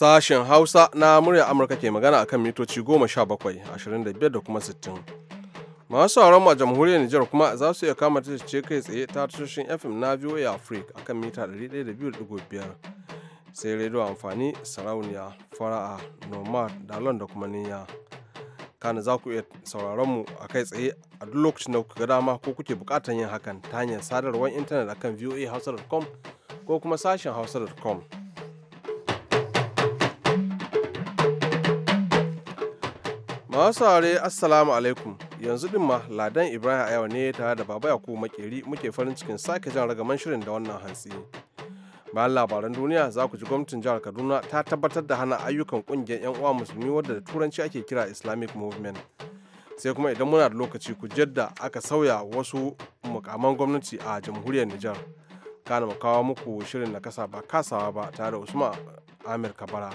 Sashen Hausa na murya Amurka ke magana akan mitoci 17, 25 da kuma 60. Masu sauran a jamhuriyar Nijar kuma za su iya kama ta ce kai tsaye ta tashoshin FM na VOA Africa akan mita 102.5 sai rediyo amfani sarauniya fara'a nomad da da kuma niyya kana za ku iya sauraron mu a kai tsaye a duk lokacin da kuka dama ko kuke bukatar yin hakan ta hanyar sadarwar intanet akan voahausa.com ko kuma sashen hausa.com Masu saurare Assalamu alaikum yanzu din ma Ladan Ibrahim a yau ne tare da Baba Yakubu Makeri muke farin cikin sake jan ragaman shirin da wannan hantsi. Bayan labaran duniya za ku ji gwamnatin jihar Kaduna ta tabbatar da hana ayyukan kungiyar 'yan uwa musulmi wadda da turanci ake kira Islamic Movement. Sai kuma idan muna da lokaci ku jadda aka sauya wasu mukaman gwamnati a jamhuriyar Nijar. Kana mu kawo muku shirin na kasa ba kasawa ba tare da Usman Amir Kabara.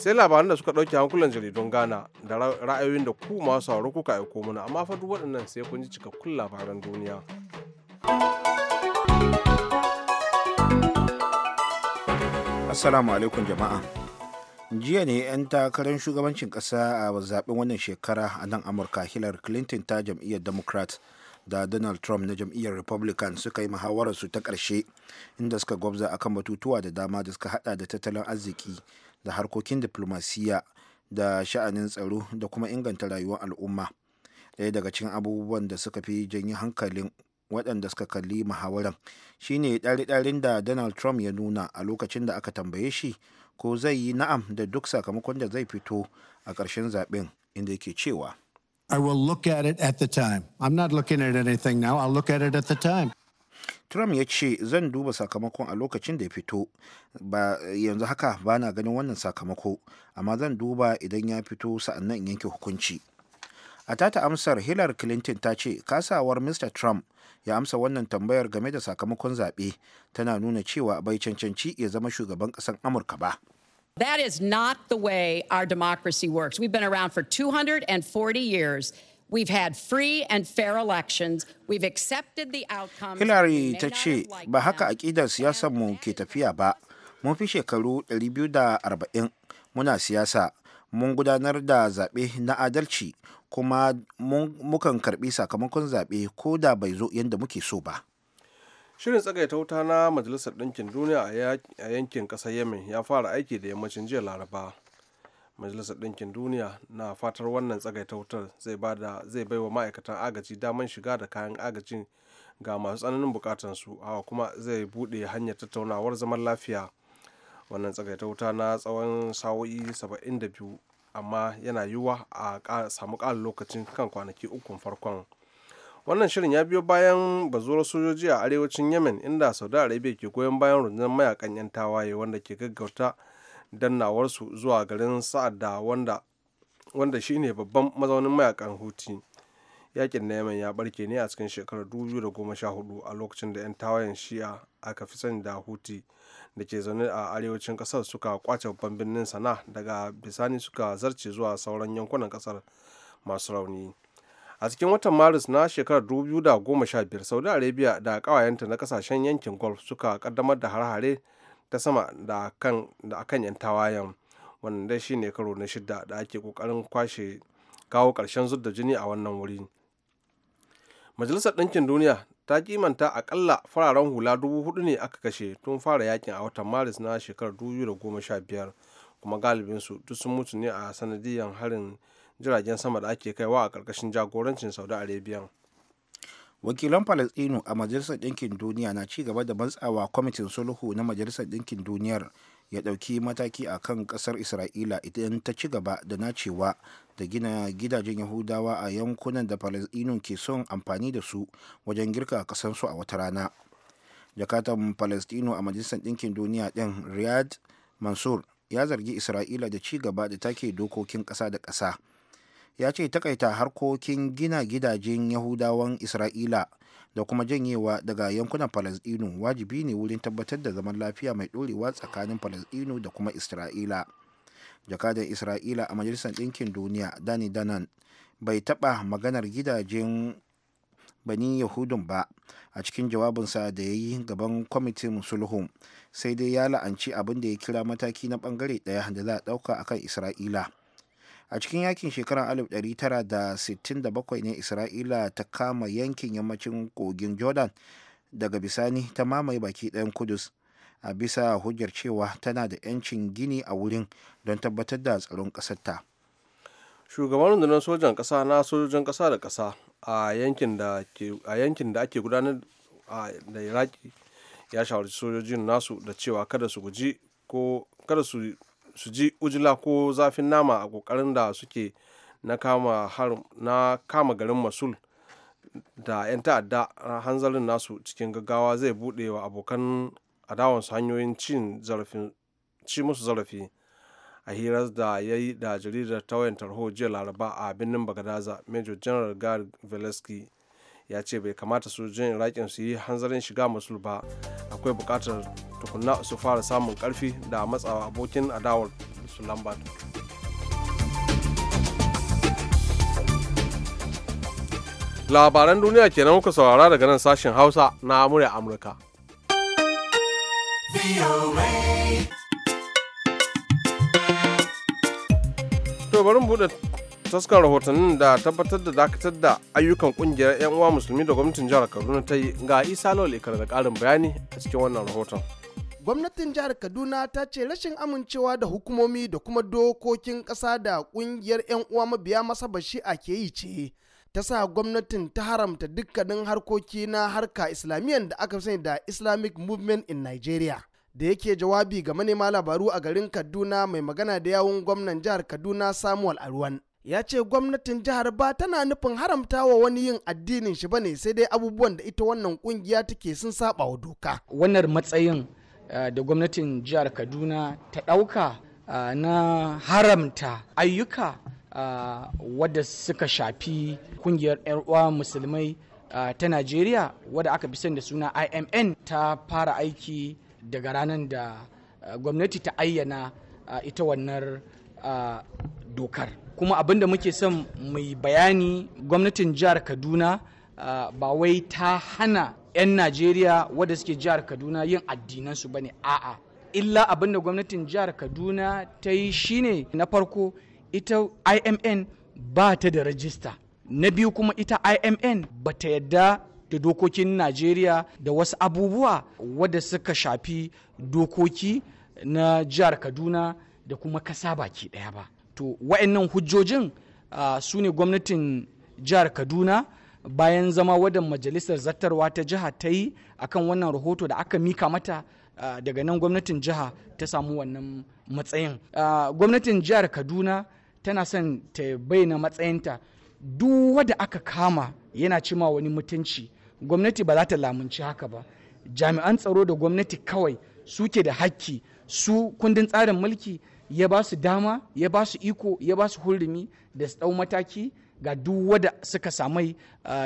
sai labaran da suka ɗauke hankulan jaridun ghana da ra'ayoyin da ku masu sauraro kuka aiko mana amma fa duk waɗannan sai kun ji cikakkun labaran duniya assalamu alaikum jama'a jiya ne 'yan takarar shugabancin ƙasa a zaben wannan shekara a nan amurka hillary clinton ta jam'iyyar democrat da donald trump na jam'iyyar republican suka yi muhawararsu ta karshe inda suka gwabza akan batutuwa da dama da suka hada da tattalin arziki da harkokin diflomasiyya da sha'anin tsaro da kuma inganta rayuwar al'umma ɗaya daga cikin abubuwan da suka fi janyi hankalin waɗanda suka kalli muhawaran shine ɗari-ɗarin da donald trump ya nuna a lokacin da aka tambaye shi ko zai yi na'am da duk sakamakon da zai fito a ƙarshen zaɓen inda yake cewa I will look at it at the time. I'm not looking at anything now. I'll look at it at the time. trump ya ce zan duba sakamakon a lokacin da ya fito ba yanzu haka ba na ganin wannan sakamako amma zan duba idan ya fito sa'annan in yanke hukunci a tata amsar hillary clinton ta ce kasawar mr trump ya amsa wannan tambayar game da sakamakon zaɓe tana nuna cewa bai cancanci ya zama shugaban ƙasar amurka ba That is not the way our democracy works. We've been around for 240 years. had and the Hillary ta ce ba haka aƙidar siyasar mu ke tafiya ba. Mun fi shekaru 240 muna siyasa. Mun gudanar da zaɓe na adalci kuma mukan karɓi sakamakon zaɓe ko da bai zo yadda muke so ba. Shirin tsagaita wuta na Majalisar Ɗinkin Duniya a yankin ƙasar Yemen ya fara aiki da yammacin jiya Laraba. majalisar ɗinkin duniya na fatar wannan tsagaita wutar zai bai wa ma'aikatan agaji daman shiga da kayan agajin ga masu tsananin bukatansu hawa kuma zai buɗe hanyar tattaunawar zaman lafiya wannan tsagaita wuta na tsawon sa'o'i 72 amma yana yiwuwa a samu ƙarin lokacin kan kwanaki ukun farkon wannan shirin ya biyo bayan bazuwar sojoji a arewacin yemen inda saudi arabia ke goyon bayan rundunar mayakan 'yan tawaye wanda ke gaggauta dannawarsu zuwa garin sa'adda wanda wanda shine babban mazaunin mayakan huti yakin na yaman ya barke ne a cikin shekarar 2014 a lokacin da 'yan tawayen shi'a aka fi sani da huti da ke zaune a arewacin kasar suka kwace babban birnin sana daga bisani suka zarce zuwa sauran yankunan kasar masu rauni a cikin watan maris na shekarar 2015 saudi arabia da kawayenta na kasashen yankin golf suka kaddamar da har-hare ta sama da akan 'yan tawayan wanda shi ne karo na shida da ake kokarin kwashe kawo karshen zub da jini a wannan wuri majalisar ɗinkin duniya ta kimanta akalla fararen hula dubu hudu ne aka kashe tun fara yakin a watan maris na shekarar 2015 kuma galibinsu duk sun mutu ne a sanadiyar harin jiragen sama da ake kaiwa a ƙarƙashin jagorancin saudi arabia wakilan falasɗinu a majalisar ɗinkin duniya na ci gaba da matsawa kwamitin sulhu na majalisar ɗinkin duniyar ya ɗauki mataki a kan ƙasar isra'ila idan ta ci gaba da nacewa da gina gidajen yahudawa a yankunan da falasɗinu ke son amfani da su wajen girka ƙasansu a wata rana jakatan palestino a majalisar ɗinkin duniya ɗin riyad mansur ya zargi isra'ila da ci gaba da take dokokin ƙasa da ƙasa ya ce takaita harkokin gina gidajen yahudawan isra'ila da kuma janyewa daga yankunan falasdino wajibi ne wurin tabbatar da zaman lafiya mai ɗorewa tsakanin falasdino da kuma isra'ila jakadan isra'ila a majalisar ɗinkin duniya dani danan bai taɓa maganar gidajen bani yahudun ba a cikin jawabinsa da ya yi gaban kwamitin sulhun sai dai ya la'anci abin da ya kira mataki na bangare ɗaya da za a ɗauka akan isra'ila a cikin yakin shekarar 1967 ne isra'ila ta kama yankin yammacin kogin jordan daga bisani ta mamaye baki ɗayan kudus a bisa hujjar cewa tana da 'yancin gini a wurin don tabbatar da tsaron ƙasarta shugaban rundunar sojan ƙasa na sojojin ƙasa da ƙasa a yankin da ake gudanar da iraki ya shawarci sojojin nasu da cewa kada su guji ko kada su su ji ujila ko zafin nama a kokarin da suke na kama garin masul da 'yan ta'adda hanzarin nasu cikin gaggawa zai buɗe wa abokan adawansu hanyoyin ci musu zarafi a hirar da ya yi da jaridar tawayan tarho jiya laraba a birnin bagadaza major general gary velasquez ya ce bai kamata sojojin rakin su yi hanzarin shiga musul ba akwai buƙatar tukunna su fara samun ƙarfi da matsawa abokin adawar su lambat labaran duniya kenan muka saurara daga nan sashen hausa na amurya amurka bari mu buɗe taskar rahotannin da tabbatar da dakatar da ayyukan kungiyar 'yan uwa musulmi da gwamnatin jihar kaduna ta yi ga isa lawal da karin bayani a cikin wannan rahoton gwamnatin jihar kaduna ta ce rashin amincewa da hukumomi da kuma dokokin kasa da kungiyar 'yan uwa mabiya masa a ke yi ce ta sa gwamnatin ta haramta dukkanin harkoki na harka islamiyyar da aka sani da islamic movement in nigeria da yake jawabi ga manema labaru a garin kaduna mai magana da yawun gwamnan jihar kaduna samuel aruwan ya ce gwamnatin jihar ba tana nufin haramta wa wani yin addinin shi bane sai dai abubuwan da ita wannan kungiya take sun saba wa doka wannan matsayin eh, da gwamnatin jihar kaduna ta ɗauka eh, na haramta ayyuka eh, wadda suka shafi kungiyar 'yan uwa musulmai ta najeriya wadda aka fi sani da suna imn ta fara aiki daga ranar da gwamnati ta ayyana ita wannan dokar kuma abin da muke son mai bayani gwamnatin jihar kaduna ah, ba wai ta hana 'yan najeriya wadda suke jihar kaduna yin addinansu ba ne a'a illa abin da gwamnatin jihar kaduna ta yi shine na farko ita imn ba ta da rajista na biyu kuma ita imn ba ta yadda da dokokin najeriya da wasu abubuwa wadda suka shafi dokoki na jihar kaduna da kuma kasa baki daya ba to wa'annan hujjojin su ne gwamnatin jihar kaduna bayan zama wadan majalisar zartarwa ta jiha ta yi akan wannan rahoto da aka mika mata daga nan gwamnatin jiha ta samu wannan matsayin gwamnatin jihar kaduna tana son ta bayyana matsayinta duk wanda aka kama yana cima wani mutunci gwamnati ba za ta lamunci haka ba jami'an tsaro da gwamnati kawai suke da hakki su kundin tsarin mulki ya ba su dama ya ba su iko ya ba su hurumi da su ɗau mataki ga duk wada suka samai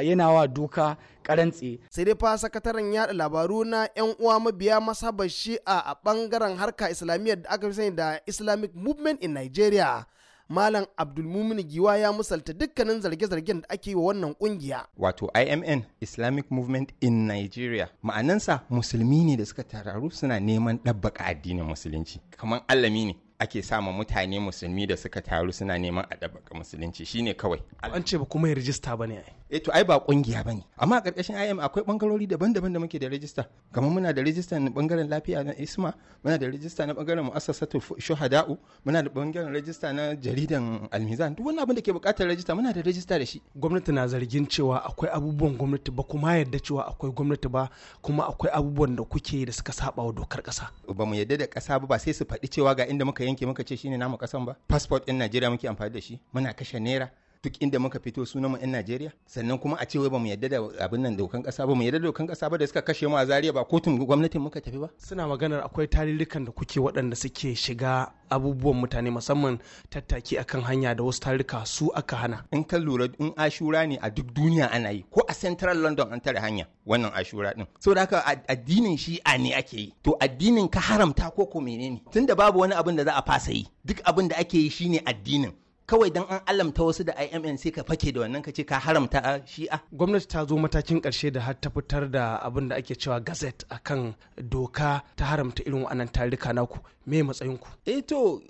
yana wa doka karantse. sai dai fa sakataren yada labaru na yan uwa mabiya masabar shi'a a bangaren harka islamiyyar da aka sani da islamic movement in nigeria malam abdul mumin giwa ya musalta dukkanin zarge-zargen da ake yi wa wannan kungiya wato imn islamic movement in nigeria ma'anansa musulmi ne da suka tararu suna neman ɗabbaka addinin musulunci kamar allami ne ake sa sama mutane musulmi da suka taru suna neman a ɗabaka musulunci shine kawai an ce ba kuma ya rijista ba ne eh to ai ba kungiya ne amma a karkashin IM akwai bangarori daban-daban da muke da rajista kamar muna da rajista na bangaren lafiya na Isma muna da rajista na bangaren muassasatu shuhada'u muna da bangaren rajista na jaridan Almizan duk wani abin da ke bukatar rajista muna da rajista da shi gwamnati na zargin cewa akwai abubuwan gwamnati ba kuma yadda cewa akwai gwamnati ba kuma akwai abubuwan da kuke da suka saba wa dokar kasa ba mu yadda da kasa ba ba sai su faɗi cewa ga inda muka yanke muka ce shine namu kasan ba passport din Najeriya muke amfani da shi muna kashe naira duk inda muka fito sunan mu 'yan Najeriya sannan kuma a cewa ba mu yadda da abin nan dokan kasa ba mu yadda da dokan kasa ba da suka kashe mu a Zaria ba kotun gwamnatin muka tafi ba suna maganar akwai tarurrukan da kuke waɗanda suke shiga abubuwan mutane musamman tattaki akan hanya da wasu tarurruka su aka hana in ka lura in ashura ne a duk duniya ana yi ko a central london an tare hanya wannan ashura din so da haka addinin shi a ne ake yi to addinin ka haramta ko ko menene tunda babu wani abin da za a fasa yi duk abin da ake yi shine addinin kawai don an alamta wasu da IMN sai ka fake da wannan ka ce ka haramta shi'a gwamnati ta zo matakin karshe da har ta fitar da abin da ake cewa gazet a kan doka ta haramta irin wannan tarika naku me matsayin ku eh to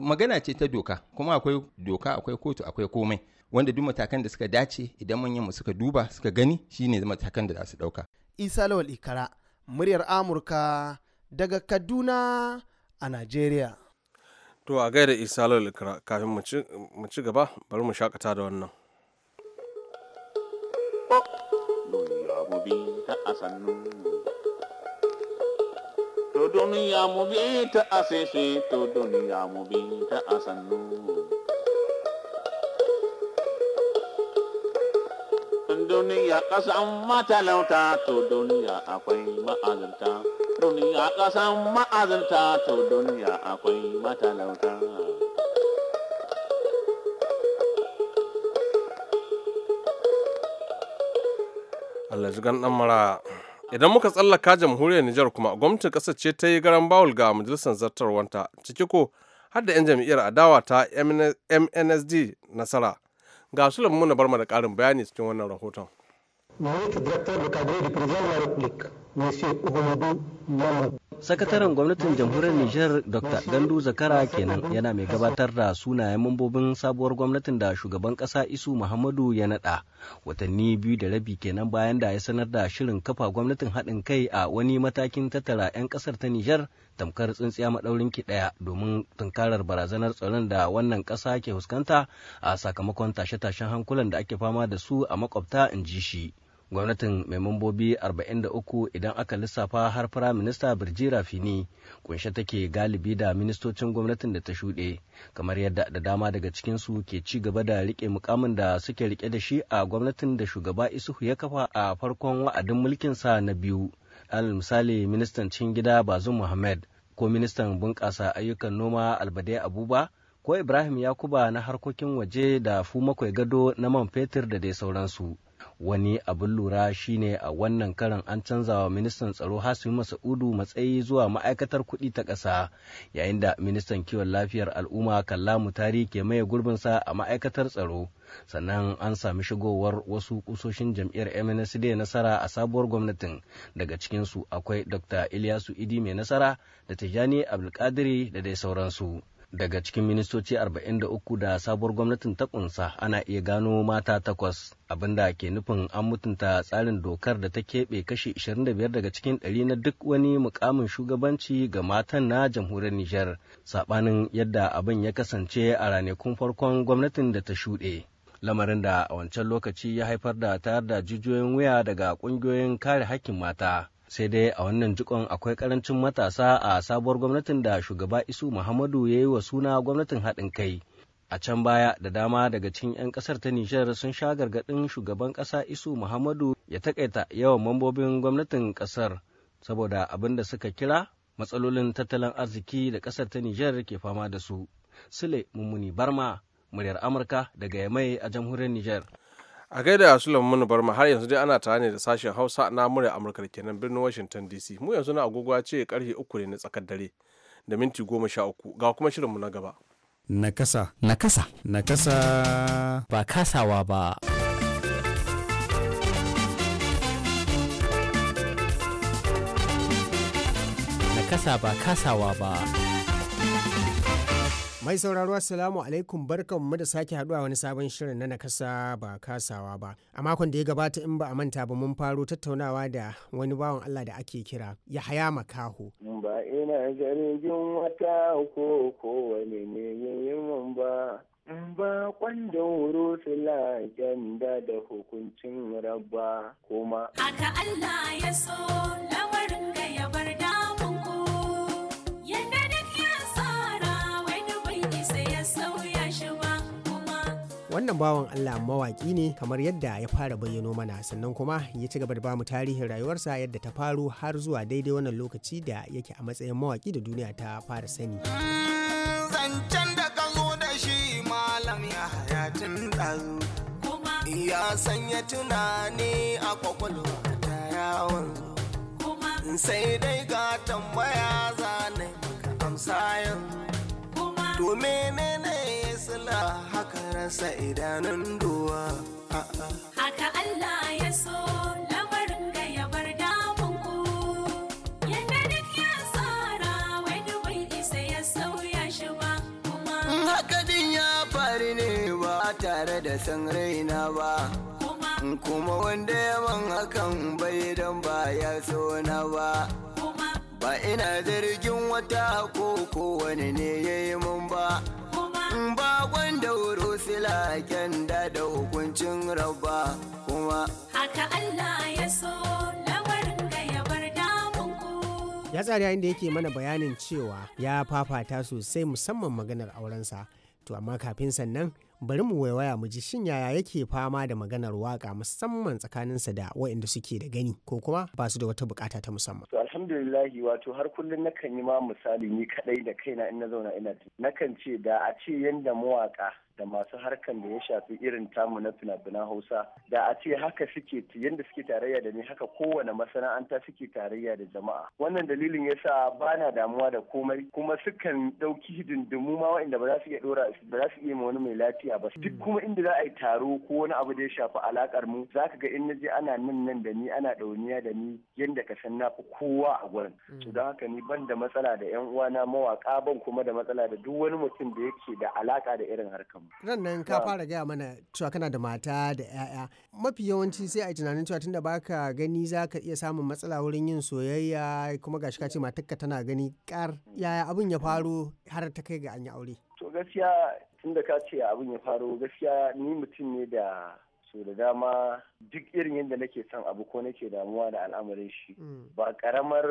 magana ce ta doka kuma akwai doka akwai kotu akwai komai wanda duk matakan da suka dace idan manyan mu suka duba suka gani shine matakan da za su dauka Isa Lawal Ikara muryar Amurka daga Kaduna a Najeriya To a gaida Isa Lawal kafin mu ci gaba bari mu shakata da wannan. Duniya mu bi ta a To duniya mu bi ta a to duniya mu bi ta a sannu. duniya ƙasan matalauta to duniya akwai ma'azinta duniya ƙasan ma'azinta to duniya akwai matalauta Allah gan dan mara idan muka tsallaka jamhuriyar Nijar kuma gwamnatin ƙasar ce ta yi garan bawul ga majalisar zartarwanta ciki ko har da 'yan jam'iyyar adawa ta MNSD nasara ga su na bar da karin bayani cikin wannan rahoton Monique, directeur du cabinet du président de la République, sakataren gwamnatin jamhuriyar nijar dr gandu zakara kenan yana mai gabatar da sunayen mambobin sabuwar gwamnatin da shugaban kasa isu muhammadu ya nada watanni biyu da rabi kenan bayan da ya sanar da shirin kafa gwamnatin haɗin kai a wani matakin tattara 'yan ƙasar ta nijar tamkar tsintsiya maɗaurin ki ɗaya domin tunkarar barazanar tsaron da wannan ƙasa ke fuskanta a sakamakon tashe-tashen hankulan da ake fama da su a makwabta in ji shi gwamnatin mai mambobi 43 idan aka lissafa har firaminista birji rafini kunshe take galibi da ministocin gwamnatin da ta shuɗe kamar yadda da dama daga cikinsu ke ci gaba da rike mukamin da suke rike da shi a gwamnatin da shugaba isuhu ya kafa a farkon wa'adin mulkinsa na biyu alal misali ministan cikin gida bazum muhammad ko ministan bunƙasa ayyukan noma albade abuba ko ibrahim yakuba na harkokin waje da fu makwai gado na man fetur da dai sauransu wani abin lura shine a wannan karin an canza wa ministan tsaro hasimu masa'udu matsayi zuwa ma'aikatar kuɗi ta ƙasa yayin da ministan kiwon lafiyar al'umma kallamu tari ke maye gurbinsa a ma'aikatar tsaro sannan an sami shigowar wasu kusoshin jam'iyyar MNSD nasara a sabuwar gwamnatin daga cikinsu akwai dr Iliyasu idi mai nasara da tijjani abdulkadiri da dai sauransu daga cikin ministoci 43 da sabuwar gwamnatin ta kunsa ana iya gano mata takwas abin da ke nufin an mutunta tsarin dokar da ta keɓe kashi 25 daga cikin 100 na duk wani mukamin shugabanci ga matan na jamhuriyar Nijar sabanin yadda abin ya kasance a ranakun farkon gwamnatin da ta shuɗe. lamarin da a wancan lokaci ya haifar da tayar da jijiyoyin wuya daga ƙungiyoyin kare hakkin mata sai dai a wannan jikon akwai karancin matasa a sabuwar gwamnatin da shugaba isu muhammadu ya yi wa suna gwamnatin haɗin kai a can baya da dama daga cikin 'yan kasar ta nijar sun sha gargaɗin shugaban ƙasa isu muhammadu ya takaita yawan mambobin gwamnatin ƙasar saboda abin da suka kira matsalolin tattalin arziki da ƙasar ta nijar ke fama da su sule mummuni barma muryar amurka daga yamai a jamhuriyar nijar a gaida bar Barma har yanzu dai ana tare ne da sashen Hausa na murya Amurka da kenan birnin Washington DC. Mu yanzu na agogo ce karfe uku ne na tsakar dare da minti goma sha uku ga kuma shirinmu na gaba. Nakasa. Nakasa. Nakasa. Ba kasawa ba. Nakasa ba kasawa ba. Mai sauraro Assalamu alaikum barkanmu da sake haduwa wani sabon shirin na nakasa ba kasawa ba. A makon da ya gabata in ba a manta ba mun faro tattaunawa da wani bawan Allah da ake kira Yahaya Makaho. Ba ina zargin wata ko ko wani ne yin ba. ba kwandon rufila janda da hukuncin rabba kuma. Haka Allah ya so lamarin ga ya bar dama. wannan bawan allah mawaki ne kamar yadda ya fara bayyano mana sannan kuma ya ci gaba da bamu tarihin rayuwarsa yadda ta faru har zuwa daidai wannan lokaci da yake a matsayin mawaki da duniya ta fara sani mm, zancen da ka da shi malam ya hayatin ɗazu ya sanya tunani a ta yawon sai dai ga tambaya zane maka amsa yanzu to menene matsala haka rasa idanun duwa haka Allah ya so lamarin ga ya bar damun ku yadda duk ya tsara wai da bai isa ya sauya shi ba kuma mm, haka din ya faru ne ba tare da san raina ba kuma mm, wanda ya man hakan bai don ba ya so na ba ba ina zargin wata ko kowane ne ya yi mun ba ragon da wuro silaken da da hukuncin rabba kuma haka Allah ya so lamarin da ya bar damunku ya tsari yake mana bayanin cewa ya fafata sosai musamman maganar aurensa to amma kafin sannan bari mu waiwaya mu ji shin yaya yake fama da maganar waka musamman tsakaninsa da waɗanda suke da gani ko kuma ba su da wata bukata ta musamman. To alhamdulillahi wato har kullum nakan yi ma misali ni kadai da kaina in na zauna ina nakan ce da a ce yanda mawaka da masu harkan da ya shafi irin tamu na fina-finan hausa da a ce haka suke yadda suke tarayya da ni haka kowane masana'anta suke tarayya da jama'a wannan dalilin yasa ba na damuwa da komai kuma sukan ɗauki hidindimu ma wa'inda ba za su iya ɗora ba za su iya ma wani mai lafiya ba duk kuma inda za a yi taro ko wani abu da ya shafi alakar mu za ka ga in na je ana nan nan da ni ana ɗauniya da ni yadda ka san na fi kowa a gurin to mm. don haka ni ban da matsala da yan uwana mawaƙa ban kuma da matsala da duk wani mutum da yake da alaƙa da irin harkan ran nan ka fara gaya mana cewa kana da mata da 'ya'ya mafi yawanci sai a yi tunanin cewa tunda baka gani za ka iya samun matsala wurin yin soyayya kuma gashi ka ce matarka tana gani kar yaya abin ya faro har ta kai ga an yi aure to gaskiya tunda ka ce abin ya faro gaskiya ni mutum ne da so da dama duk irin yadda nake son abu ko nake damuwa da al'amarin shi mm. ba karamar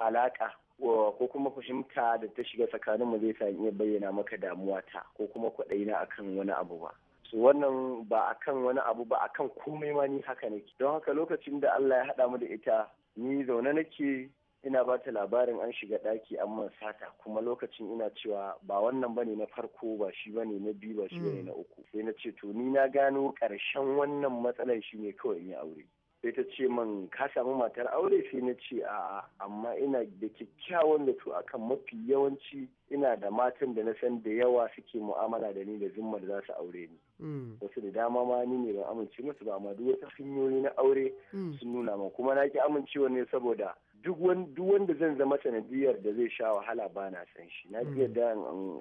alaka ko kuma fahimta da ta shiga tsakanin mu zai sa iya bayyana maka damuwa ta ko kuma kwaɗayina akan wani abu ba su wannan ba akan wani abu ba akan komai ma ni haka nake don haka lokacin da Allah ya haɗa mu da ita ni zaune nake ina ba ta labarin an shiga ɗaki an man sata kuma lokacin ina cewa ba wannan bane na farko ba shi bane na biyu ba shi bane na mm. uku sai na ce to ni na gano ƙarshen wannan matsalar shi ne kawai in yi aure sai ta ce man ka samu matar aure sai na ce a'a amma ina da kyakkyawan zato akan mafi yawanci ina da matan da na san da yawa suke mu'amala da ni da zimma da za su aure ni mm. wasu da dama ma ni ne ban amince masu ba amma duk wata hanyoyi na aure mm. sun nuna man kuma na ki amincewa ne saboda duk wanda zan zama sanadiyar da zai sha wahala ba na san shi na fiye mm. da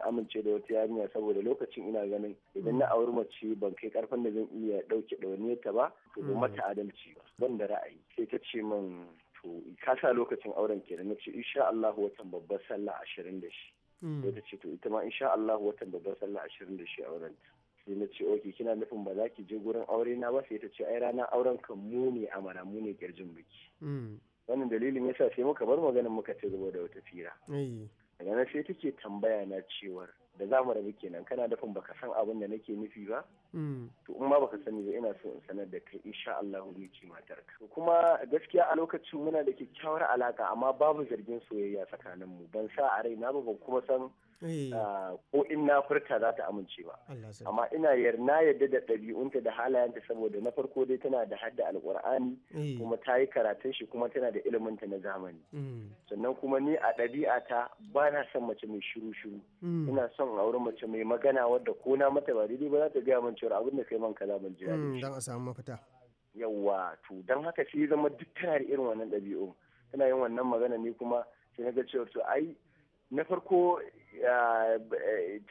amince da wata yarinya saboda lokacin ina ganin idan na auri mace ban kai karfin da zan iya dauke ɗawainiyar ta ba to ba mm. mata adalci ba ban da ra'ayi sai ta ce min to ka sa lokacin auren kenan na ce insha Allah watan babbar sallah ashirin da shi mm. ta ce to ita ma insha Allah watan babbar sallah ashirin da shi auren sai na ce oke kina nufin ba za ki je gurin aure na ba sai ta ce ai ranar auren kan mu ne amana mu ne kirjin biki wannan dalilin yasa sai muka bar maganin muka ci zubo da wata fira eh. daga nan sai take tambaya na cewar da za mu rabu kenan kana dafin baka san abin da nake nufi ba hmm. to in ma baka sani ba ina so in sanar da kai insha Allah ni ce matarka kuma gaskiya a lokacin muna da kyakkyawar alaka amma babu zargin soyayya tsakanin mu ban sa a raina ba ban kuma san Eh. Ah, ko in na furta za ta amince ba amma ina yarna yadda da ɗabi'unta da halayenta saboda na farko dai tana da hadda alkur'ani eh. kuma ta yi karatun shi kuma tana da iliminta na zamani mm. sannan kuma ni a ɗabi'a ta ba na son mace mai shiru shiru mm. ina son aure mace mai magana wadda ko na mata ba dai ba za ta gaya min cewa abin da kai man kaza ban ji dan mm, a samu mafita yawwa to dan haka sai zama duk tana da irin wannan ɗabi'u tana yin wannan magana ne kuma sai na ga cewa to ai na farko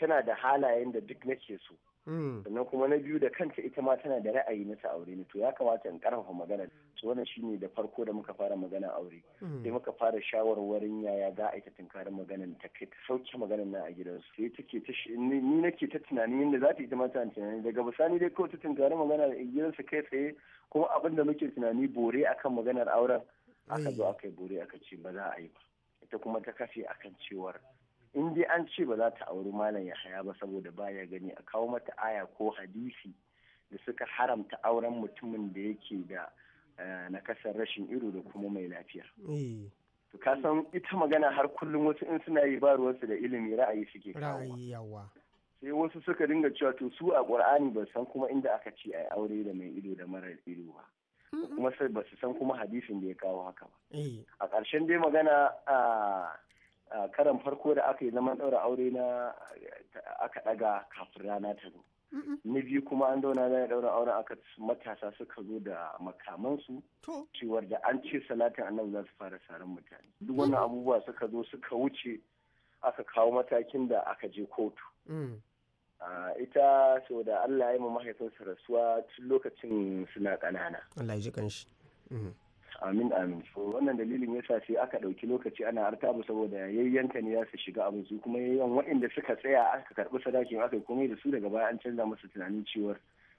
tana da halayen da duk nake so hmm. sannan kuma na biyu da kanta ita ma tana da ra'ayi na ta aure ne to ya kamata in karfafa magana to wannan shine da farko da muka fara magana aure hmm. sai muka fara shawarwarin yaya za a yi ta tunkarin maganan ta kai ta sauke maganan nan a su sai take ta ni nake ta tunanin yadda za ta yi ta mata tunani daga bisani dai kawai ta tunkarin magana a gidan su kai tsaye kuma abin da muke tunani bore akan maganar auren aka zo aka yi bore aka ce ba za a yi ba ta kuma ta kafe a kan cewar in dai an ce ba za ta auri malam yahaya ba saboda baya gani a kawo mata aya ko hadisi da suka haramta auren mutumin da yake da eh, nakasar rashin ido da kuma mai lafiya. Eh. to ka san ita magana har kullum wasu in suna yi ba ruwansu da ilimi ra'ayi suke kawo sai wasu suka dinga cewa to su a ƙur'ani ba san kuma inda aka ce yi aure da mai ido da marar ido ba kuma sai ba su san kuma hadisin da ya kawo haka ba eh. a ƙarshen dai magana a karan farko da aka yi zaman ɗaura aure na aka ɗaga kafin rana ta zo na biyu kuma an zauna na daura auren aka matasa suka zo da makamansu cewar da an ce salatin annabi za su fara sarin mutane duk wannan abubuwa suka zo suka wuce aka kawo matakin da aka je kotu mm. ita so da Allah ya yi mahaifinsa rasuwa tun lokacin suna kanana Allah ya ji kanshi. Mm. Amin amin. So wannan dalilin yasa sai aka ɗauki lokaci ana artabu saboda yayyanka ne ya su shiga abinci su kuma yayyan waɗanda suka tsaya aka karɓi sadakin aka yi komai da su daga baya an canza musu tunanin cewar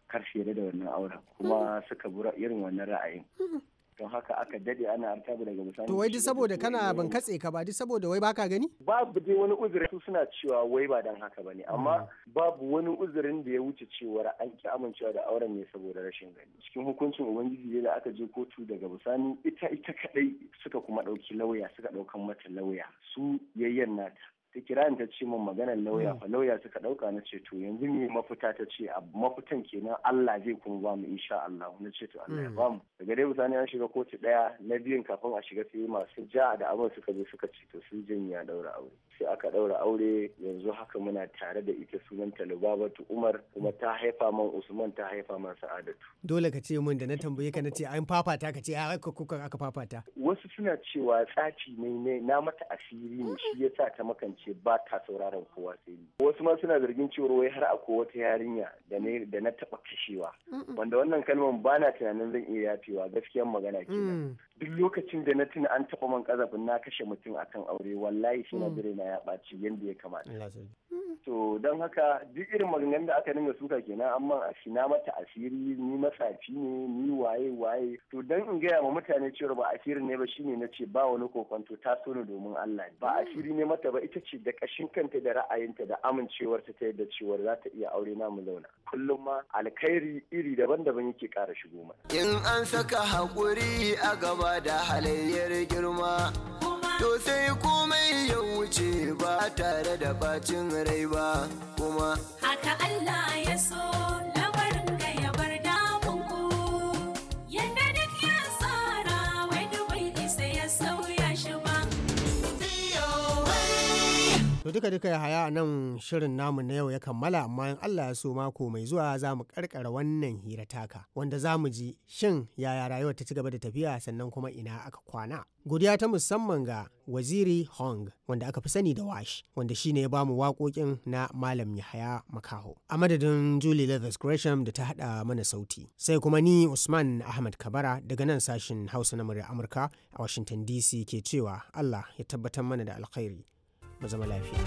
karshe da wannan auren kuma suka bura irin wannan ra'ayin. Mm. don haka aka dade ana artabu daga misali to wai duk saboda kana ban katse ka ba duk saboda wai baka gani babu dai wani uzuri su suna cewa wai ba dan haka ba ne. amma ah. babu wani uzurin da ya wuce cewar an ki amincewa da auren ne saboda rashin gani cikin hukuncin ubangiji da aka je kotu daga misali ita ita kadai suka kuma ɗauki lauya suka daukan mata lauya su yayyan nata ta kira ta ce min maganar lauya hmm. fa lauya suka dauka na ce to yanzu me mafita ta ce a mafitan kenan Allah zai kuma ba mu insha Allah na ce to Allah ya hmm. ba mu daga dai bisani an shiga kotu daya na biyun kafin a shiga sai masu ja da abin suka zo suka ce to sun janya daura aure sai aka ɗaura aure yanzu haka muna tare da ita ta Lubabatu Umar kuma ta haifa man Usman ta haifa man Sa'adatu. Dole ka ce mun da na tambaye ka na ce an fafata ka ce ai kuka aka fafata. Wasu suna cewa tsaci ne ne na mata asiri ne shi yasa ta makance ba ta sauraron kowa sai ni. Wasu ma suna zargin cewa wai har akwai wata yarinya da da na taɓa kashewa. Wanda wannan kalmar ba na tunanin zan iya yafewa gaskiyar magana kenan. Mm. duk lokacin da na tuna an taɓa man ƙazafin na kashe mutum akan aure wallahi shi na mm. ya ɓaci yadda ya kamata to don haka duk irin maganganun da aka nuna suka kenan amma a shina mata asiri ni masafi ne ni waye waye to don in gaya ma mutane cewa ba asiri ne ba shine na ce ba wani kokonto ta so ne domin Allah ba mm. asiri ne mata ba ita ce da kashin kanta da ra'ayinta da amincewar ta yadda cewa za ta iya aure na mu zauna kullum ma alkhairi iri daban-daban yake kara shigo mana in an saka haƙuri a gaba da halayyar girma to sai komai ya wuce ba tare da bacin rai ba kuma haka Allah ya so To duka duka ya haya nan shirin namu na yau ya kammala amma in Allah ya so mako mai zuwa za mu karkara wannan hira taka wanda za mu ji shin yaya rayuwar ta ci gaba da tafiya sannan kuma ina aka kwana. Godiya ta musamman ga Waziri Hong wanda aka fi sani da Wash wanda shi ne ya bamu waƙoƙin na Malam Yahaya Makaho. A madadin Julie Leathers Gresham da ta haɗa mana sauti. Sai kuma ni Usman Ahmad Kabara daga nan sashin Hausa na murya Amurka a Washington DC ke cewa Allah ya tabbatar mana da alkhairi. mu zama lafiya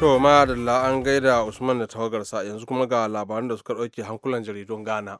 to ma da an gaida usman da tawagarsa yanzu kuma ga labaran da suka ɗauke hankulan jaridun ghana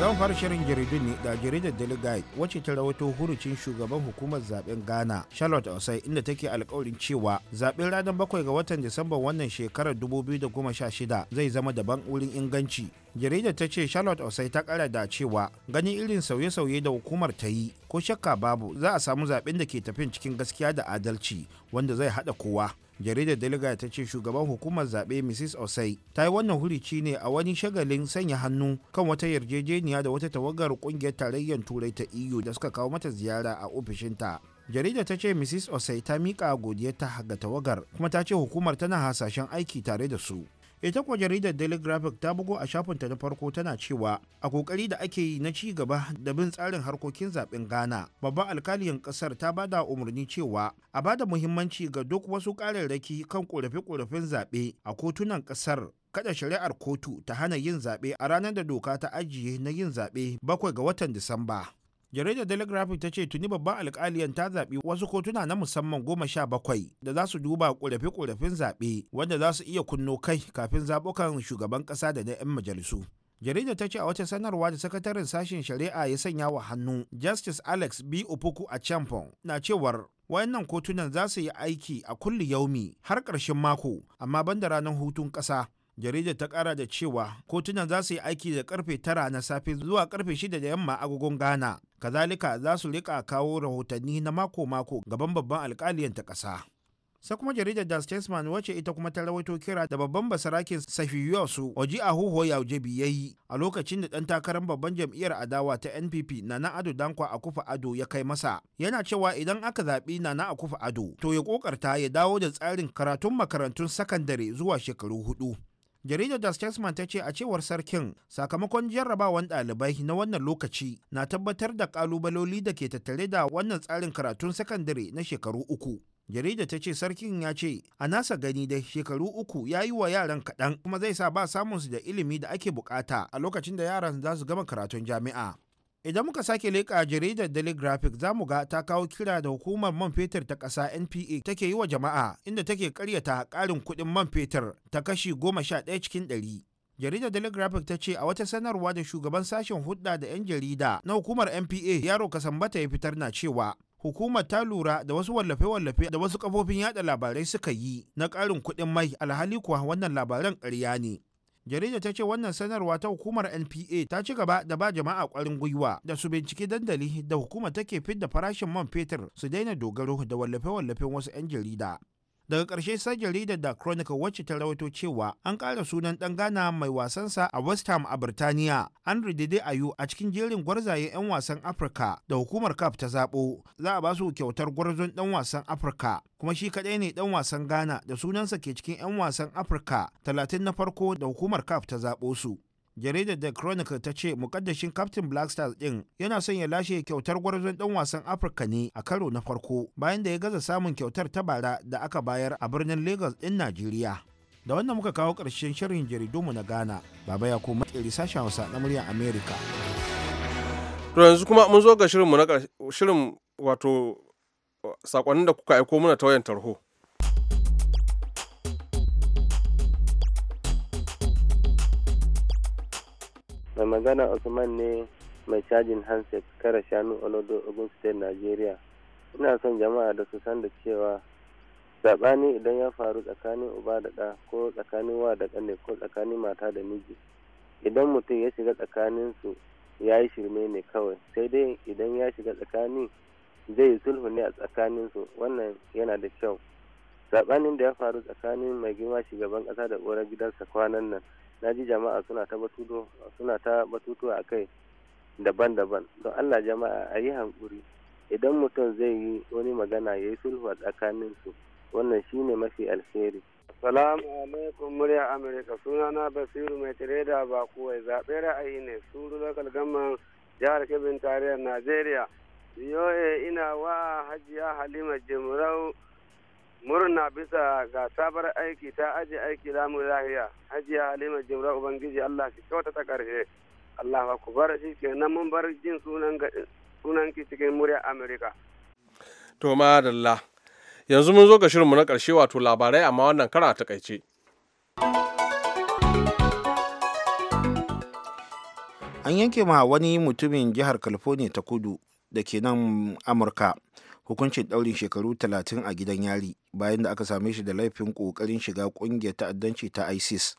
zan fara shirin jaridun ne da jaridar Guide wacce ta rawato hurucin shugaban hukumar zaben ghana charlotte Osei inda take alkawarin cewa zaben ranar bakwai ga watan disamba wannan shekarar 2016 zai zama daban wurin inganci jaridar ta ce charlotte osai ta kara da cewa ganin irin sauye-sauye da hukumar ta yi ko shakka babu za a samu zaben da ke tafin cikin gaskiya da adalci wanda zai hada kowa jaridar daliga ta ce shugaban hukumar zaɓe mrs osai ta yi wannan hurici ne a wani shagalin sanya hannu kan wata yarjejeniya da wata tawagar kungiyar tarayyar turai ta eu da suka kawo mata ziyara a ofishinta jarida ta ce mrs osai ta miƙa godiyarta ga tawagar kuma ta ce hukumar tana hasashen aiki tare da su ita kuwa jaridar daily graphic ta bugo a shafinta na farko tana cewa a kokari da ake yi na ci gaba da bin tsarin harkokin zaben ghana babban alkaliyan kasar ta bada umarni cewa a bada muhimmanci ga duk wasu kararraki kan korafe-korafen zaɓe a kotunan ƙasar kada shari'ar kotu ta hana yin zaɓe a ranar da doka ta ajiye na yin zaɓe bakwai ga watan disamba jaridar daily ta ce tuni babban alkaliyan ta zaɓi wasu kotuna na musamman goma sha bakwai da za su duba ƙorafe-ƙorafen zaɓe wanda za su iya kunno kai kafin zaɓukan shugaban ƙasa da na 'yan majalisu jaridar ta ce a wata sanarwa da sakataren sashen shari'a ya sanya wa hannu justice alex b opoku a champon na cewar wayannan kotunan za su yi aiki a kulli yaumi har ƙarshen mako amma banda ranar hutun ƙasa jaridar ta kara da cewa kotunan za su yi aiki da karfe tara na safe zuwa karfe shida da yamma agogon ghana kazalika za su rika kawo rahotanni na mako-mako gaban babban alkaliyan ta kasa. sai kuma jaridar da statesman wacce ita kuma ta rawaito kira da babban basarakin safiyosu oji ahuho yaujebi ya yi a lokacin da ɗan takarar babban jam'iyyar adawa ta npp nana ado dankwa akufa ado ya kai masa yana cewa idan aka zaɓi nana akufa ado to ya ƙoƙarta ya dawo da tsarin karatun makarantun sakandare zuwa shekaru hudu jaridar das tasman ta ce a cewar sarkin sakamakon jarrabawan ɗalibai na wannan lokaci na tabbatar da ƙalubaloli da ke tattare da wannan tsarin karatun sakandare na shekaru uku jarida ta ce sarkin ya ce a nasa gani da shekaru uku ya yi wa yaran kaɗan kuma zai sa ba samunsu da ilimi da ake bukata a lokacin da yaran za su gama karatun jami'a idan muka sake leƙa jaridar daily graphic za mu ga ta kawo kira da hukumar man fetur ta ƙasa npa take yi wa jama'a inda take karyata ƙarin kuɗin man fetur ta kashi goma sha ɗaya cikin ɗari jaridar daily graphic ta ce a wata sanarwa da shugaban sashen hudda da 'yan jarida na hukumar npa yaro kasambata ya fitar na cewa hukumar ta lura da wasu wallafe-wallafe da wasu kafofin yada labarai suka yi na ƙarin kuɗin mai alhali kuwa wannan labaran ƙarya ne jarida ta ce wannan sanarwa ta hukumar npa ta ci gaba da ba jama'a kwarin gwiwa da su binciki dandali da hukuma take fidda farashin man fetur su daina dogaro da wallafe-wallafen wasu 'yan jarida daga ƙarshe sai jaridar da chronicle wacce ta rawaito cewa an ƙara sunan ɗan ghana mai wasansa a west ham a birtaniya andre dede ayu a cikin jerin gwarzaye 'yan wasan afirka da hukumar caf ta zaɓo za a ba su kyautar gwarzon ɗan wasan afirka kuma shi kaɗai ne ɗan wasan ghana da sunansa ke cikin 'yan wasan afirka talatin na farko da hukumar caf ta zaɓo su jaridar the chronicle ta ce mukaddashin captain black stars din yana son ya lashe kyautar gwarzon dan wasan afirka ne a karo na farko bayan da ya gaza samun kyautar ta bara da aka bayar a birnin lagos din najeriya da wannan muka kawo ƙarshen shirin jaridunmu na ghana baba ya kuma makeri sashen hausa na muryar america to yanzu kuma mun zo ga shirinmu na shirin wato sakonnin da kuka aiko mana ta wayan tarho mai magana usman ne mai cajin handset kara shanu olodo ogun state nigeria ina son jama'a da su san da cewa saɓani idan ya faru tsakanin uba da ɗa ko tsakanin wa da ƙane ko tsakanin mata da miji idan mutum ya shiga tsakanin su ya yi shirme ne kawai sai dai idan ya shiga tsakani zai yi sulhu ne a tsakanin su wannan yana da kyau saɓanin da ya faru tsakanin mai girma shugaban ƙasa da ƙorar gidansa kwanan nan na ji jama'a suna ta batuto suna ta a kai daban-daban don allah jama'a a yi hankuri idan mutum zai yi wani magana ya yi sulhu a tsakaninsu wannan shine mafi alheri Salamu alaikum murya Amurka na Basiru mai da ba kuwa zaɓe ra'ayi ne su lokal government jihar Kebbi tarayyar Najeriya. yau eh, ina wa Hajiya Halima Jimrau murna bisa ga sabar aiki ta aji aiki zamu lahiya hajiya halima jimra ubangiji allah ki kyauta ta karshe allah ku bar shi nan mun bar jin sunan ki cikin murya amerika to madalla yanzu mun zo ga mu na karshe wato labarai amma wannan kara ta kaice an yanke ma wani mutumin jihar california ta kudu da ke nan amurka hukuncin ɗaurin shekaru 30 a gidan yari bayan da aka same shi da laifin ƙoƙarin shiga ƙungiyar ta'addanci ta isis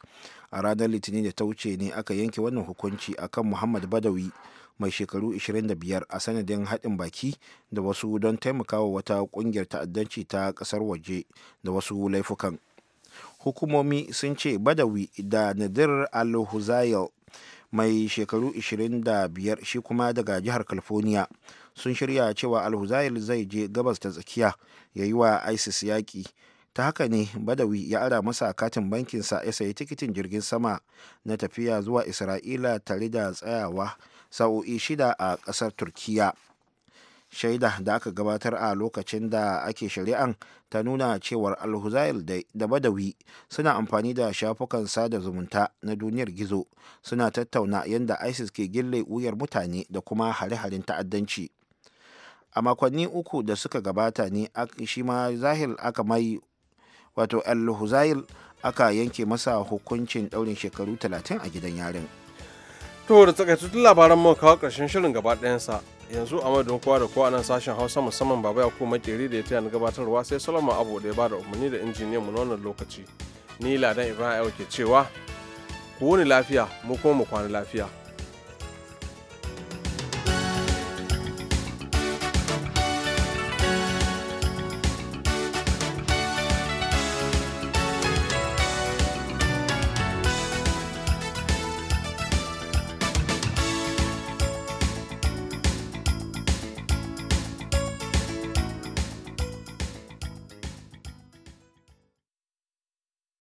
a ranar litinin da ta wuce ne aka yanke wannan hukunci kan muhammad badawi mai shekaru 25 a sanadin haɗin baki da wasu don taimakawa wata ƙungiyar ta'addanci ta ƙasar waje da wasu laifukan hukumomi sun ce badawi da nadir al mai shekaru 25 shi kuma daga jihar california sun shirya cewa alhuzail zai je gabas ta tsakiya ya yi wa isis yaƙi ta haka ne badawi ya ara masa katin bankinsa ya sayi tikitin jirgin sama na tafiya zuwa isra'ila tare da tsayawa sa'o'i shida a ƙasar turkiya shaida da aka gabatar a lokacin da ake shari'an ta nuna cewar alhuzail da badawi suna amfani da shafukan sada zumunta na duniyar gizo suna tattauna yadda isis ke gille wuyar mutane da kuma hare-haren ta'addanci a makonni uku da suka gabata ne shi ma zahil aka mai wato al-huzail aka yanke masa hukuncin daurin shekaru 30 a gidan yarin to da takaitattun labaran mu kawo ƙarshen shirin gaba ɗayansa yanzu a madadin kowa da kowa nan sashen hausa musamman baba ya kuma makeri da ya taya na gabatarwa sai solomon abu da ya bada umarni da injiniyan mu na wannan lokaci ni ladan ibrahim ke cewa ku wuni lafiya mu kuma mu kwana lafiya